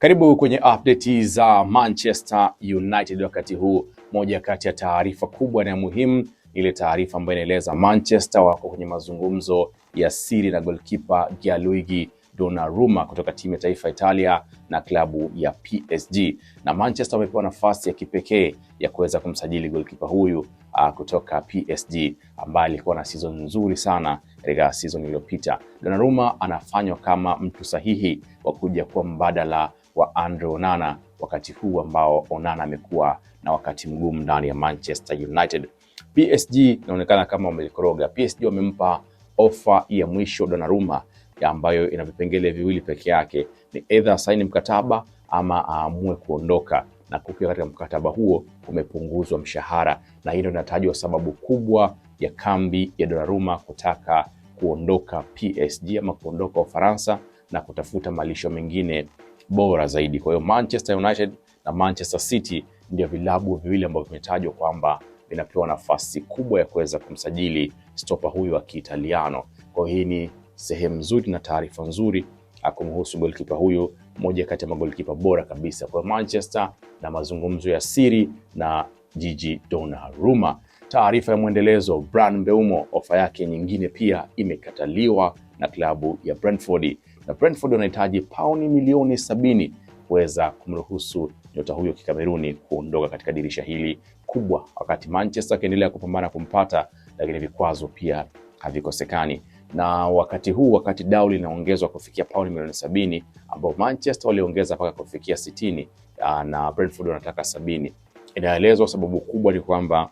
Karibu kwenye update za Manchester United. Wakati huu moja kati ya taarifa kubwa na muhimu, ile taarifa ambayo inaeleza Manchester wako kwenye mazungumzo ya siri na goalkeeper Gianluigi Donnarumma kutoka timu ya taifa Italia na klabu ya PSG, na Manchester wamepewa nafasi ya kipekee ya kuweza kumsajili goalkeeper huyu uh, kutoka PSG ambaye alikuwa na season nzuri sana katika season iliyopita. Donnarumma anafanywa kama mtu sahihi wa kuja kuwa mbadala wa Andre Onana wakati huu ambao Onana amekuwa na wakati mgumu ndani ya Manchester United. PSG inaonekana kama wamelikoroga. PSG wamempa ofa ya mwisho Donnarumma ambayo ina vipengele viwili peke yake, ni either saini mkataba ama aamue kuondoka, na kukiwa katika mkataba huo umepunguzwa mshahara, na hilo inatajwa sababu kubwa ya kambi ya Donnarumma kutaka kuondoka PSG ama kuondoka Ufaransa na kutafuta malisho mengine bora zaidi. Kwa hiyo Manchester United na Manchester City ndio vilabu viwili ambavyo vimetajwa kwamba vinapewa nafasi kubwa ya kuweza kumsajili stopa huyu wa Kiitaliano. Kwa hiyo hii ni sehemu nzuri na taarifa nzuri akumhusu golkipa huyu, moja kati ya magolkipa bora kabisa kwa Manchester, na mazungumzo ya siri na Gigi Donnarumma. Taarifa ya mwendelezo, Bryan Mbeumo ofa yake nyingine pia imekataliwa na klabu ya Brentford na Brentford wanahitaji pauni milioni sabini kuweza kumruhusu nyota huyo kikameruni kuondoka katika dirisha hili kubwa, wakati Manchester akiendelea kupambana kumpata, lakini vikwazo pia havikosekani. Na wakati huu, wakati dau linaongezwa kufikia pauni milioni sabini ambao Manchester waliongeza mpaka kufikia sitini ah, na Brentford wanataka sabini. Inaelezwa sababu kubwa ni kwamba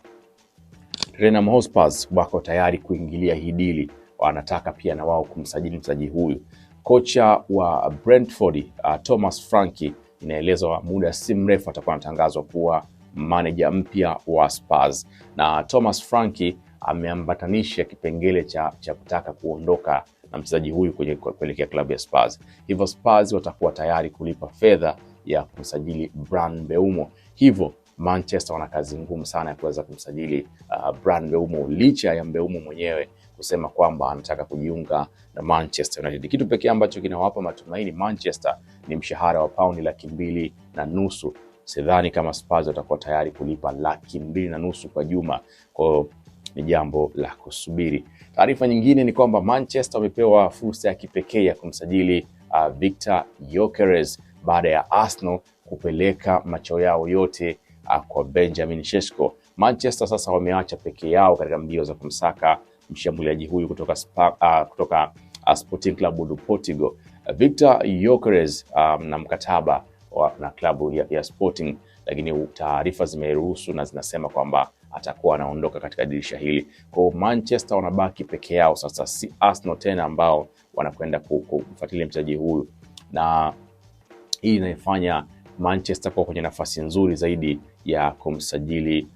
Tottenham Hotspur wako tayari kuingilia hii dili, wanataka pia na wao kumsajili mchezaji huyu kocha wa Brentford uh, Thomas Franki, inaelezwa muda si mrefu atakuwa anatangazwa kuwa maneja mpya wa Spurs, na Thomas Franki ameambatanisha kipengele cha, cha kutaka kuondoka na mchezaji huyu kuelekea klabu ya Spurs. Hivyo Spurs watakuwa tayari kulipa fedha ya kumsajili Bryan Mbeumo. Hivyo Manchester wana kazi ngumu sana ya kuweza kumsajili uh, Bryan Mbeumo licha ya Mbeumo mwenyewe kusema kwamba anataka kujiunga na Manchester United. Kitu pekee ambacho kinawapa matumaini Manchester ni mshahara wa paundi laki mbili na nusu. Sidhani kama Spurs watakuwa tayari kulipa laki mbili na nusu kwa Juma, kwa ni jambo la kusubiri. Taarifa nyingine ni kwamba Manchester wamepewa fursa ya kipekee ya kumsajili uh, Victor Gyökeres baada ya Arsenal kupeleka macho yao yote uh, kwa Benjamin Sesko. Manchester sasa wameacha peke yao katika mbio za kumsaka mshambuliaji huyu kutoka, spa, uh, kutoka uh, Sporting Club do Portugal Victor Gyökeres um, na mkataba wa, na klabu ya, ya Sporting, lakini taarifa zimeruhusu na zinasema kwamba atakuwa anaondoka katika dirisha hili. Kwa Manchester wanabaki peke yao sasa, si Arsenal tena ambao wanakwenda kumfuatilia mchezaji huyu, na hii inaifanya Manchester kuwa kwenye nafasi nzuri zaidi ya kumsajili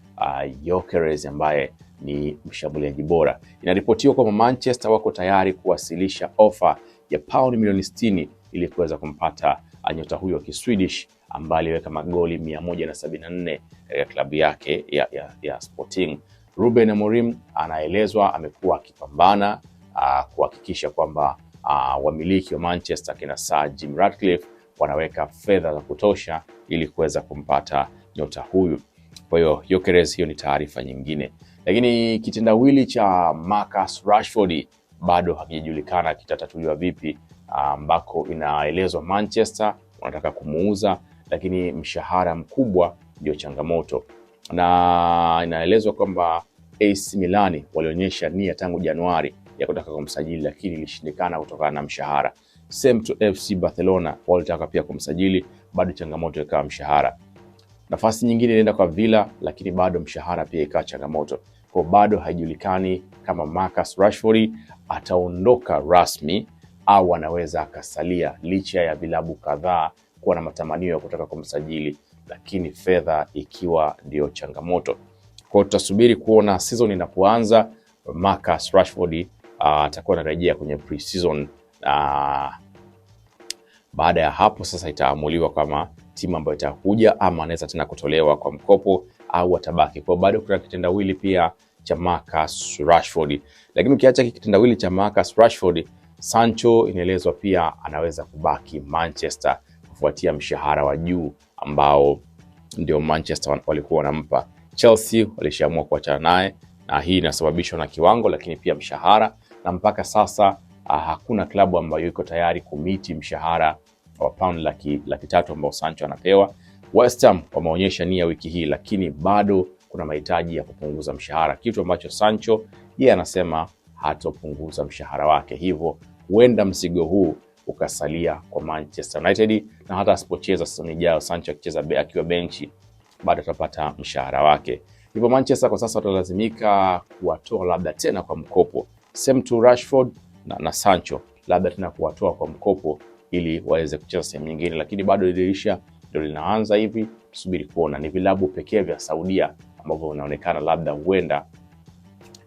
Gyökeres uh, ambaye ni mshambuliaji bora. Inaripotiwa kwamba Manchester wako tayari kuwasilisha ofa ya pauni milioni 60 ili kuweza kumpata uh, nyota huyo wa Kiswedish ambaye aliweka magoli 174 katika klabu yake ya, ya, ya Sporting. Ruben Amorim anaelezwa amekuwa akipambana uh, kuhakikisha kwamba uh, wamiliki wa Manchester kina Sir Jim Ratcliffe wanaweka fedha za kutosha ili kuweza kumpata nyota huyu. Kwa hiyo Gyökeres, hiyo ni taarifa nyingine, lakini kitendawili cha Marcus Rashford bado hakijulikana kitatatuliwa vipi, ambako inaelezwa Manchester wanataka kumuuza, lakini mshahara mkubwa ndio changamoto, na inaelezwa kwamba AC Milan walionyesha nia tangu Januari ya kutaka kumsajili lakini ilishindikana kutokana na mshahara. Same to FC Barcelona walitaka pia kumsajili, bado changamoto ikawa mshahara. Nafasi nyingine inaenda kwa Villa, lakini bado mshahara pia ikawa changamoto kwa, bado haijulikani kama Marcus Rashford ataondoka rasmi au anaweza akasalia, licha ya vilabu kadhaa kuwa na matamanio ya kutaka kumsajili, lakini fedha ikiwa ndio changamoto. Kwa tutasubiri kuona season inapoanza, Marcus Rashford ah, atakuwa uh, anarejea kwenye pre-season uh, baada ya hapo sasa itaamuliwa kama timu ambayo itakuja ama anaweza tena kutolewa kwa mkopo au atabaki. Kwa bado kuna kitendawili pia cha Marcus Rashford. Lakini ukiacha kitendawili cha Marcus Rashford, Sancho inaelezwa pia anaweza kubaki Manchester kufuatia mshahara wa juu ambao ndio Manchester walikuwa wanampa. Chelsea walishaamua kuachana naye na hii inasababishwa na kiwango, lakini pia mshahara, na mpaka sasa ah, hakuna klabu ambayo iko tayari kumiti mshahara wa pound laki, laki tatu ambao Sancho anapewa. West Ham wameonyesha nia wiki hii, lakini bado kuna mahitaji ya kupunguza mshahara, kitu ambacho Sancho yeye anasema hatopunguza mshahara wake, hivyo huenda mzigo huu ukasalia kwa Manchester United, na hata asipocheza sasa ijayo, Sancho akicheza akiwa benchi bado atapata mshahara wake, hivyo Manchester kwa sasa watalazimika kuwatoa labda tena kwa mkopo same to Rashford na, na Sancho labda tena kuwatoa kwa mkopo ili waweze kucheza sehemu nyingine, lakini bado dirisha ndio linaanza hivi, tusubiri kuona. Ni vilabu pekee vya Saudia ambavyo vinaonekana labda huenda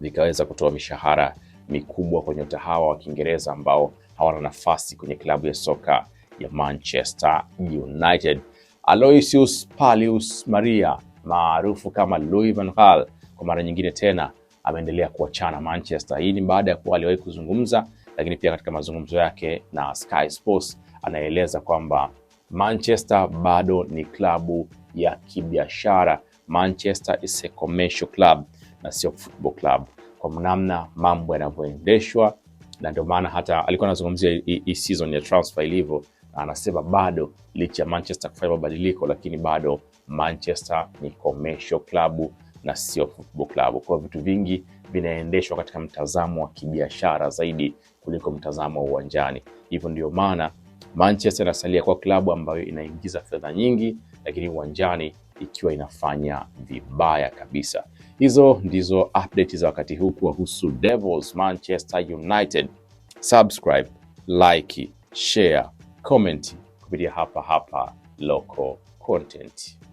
vikaweza kutoa mishahara mikubwa kwa nyota hawa wa Kiingereza ambao hawana nafasi kwenye klabu ya soka ya Manchester United. Aloysius Palius Maria maarufu kama Louis van Gaal kwa mara nyingine tena ameendelea kuachana Manchester. Hii ni baada ya kuwa aliwahi kuzungumza lakini pia katika mazungumzo yake na Sky Sports anaeleza kwamba Manchester bado ni klabu ya kibiashara. Manchester is a commercial club na sio football club, kwa namna mambo yanavyoendeshwa, na ndio maana hata alikuwa anazungumzia hii season ya transfer ilivyo, na anasema bado licha ya Manchester kufanya mabadiliko, lakini bado Manchester ni commercial club na sio football club. Kwa vitu vingi vinaendeshwa katika mtazamo wa kibiashara zaidi kuliko mtazamo wa uwanjani. Hivyo ndio maana Manchester inasalia kwa klabu ambayo inaingiza fedha nyingi, lakini uwanjani ikiwa inafanya vibaya kabisa. Hizo ndizo update za wakati huu kuhusu Devils Manchester United. Subscribe, like, share, comment kupitia hapa hapa Local Content.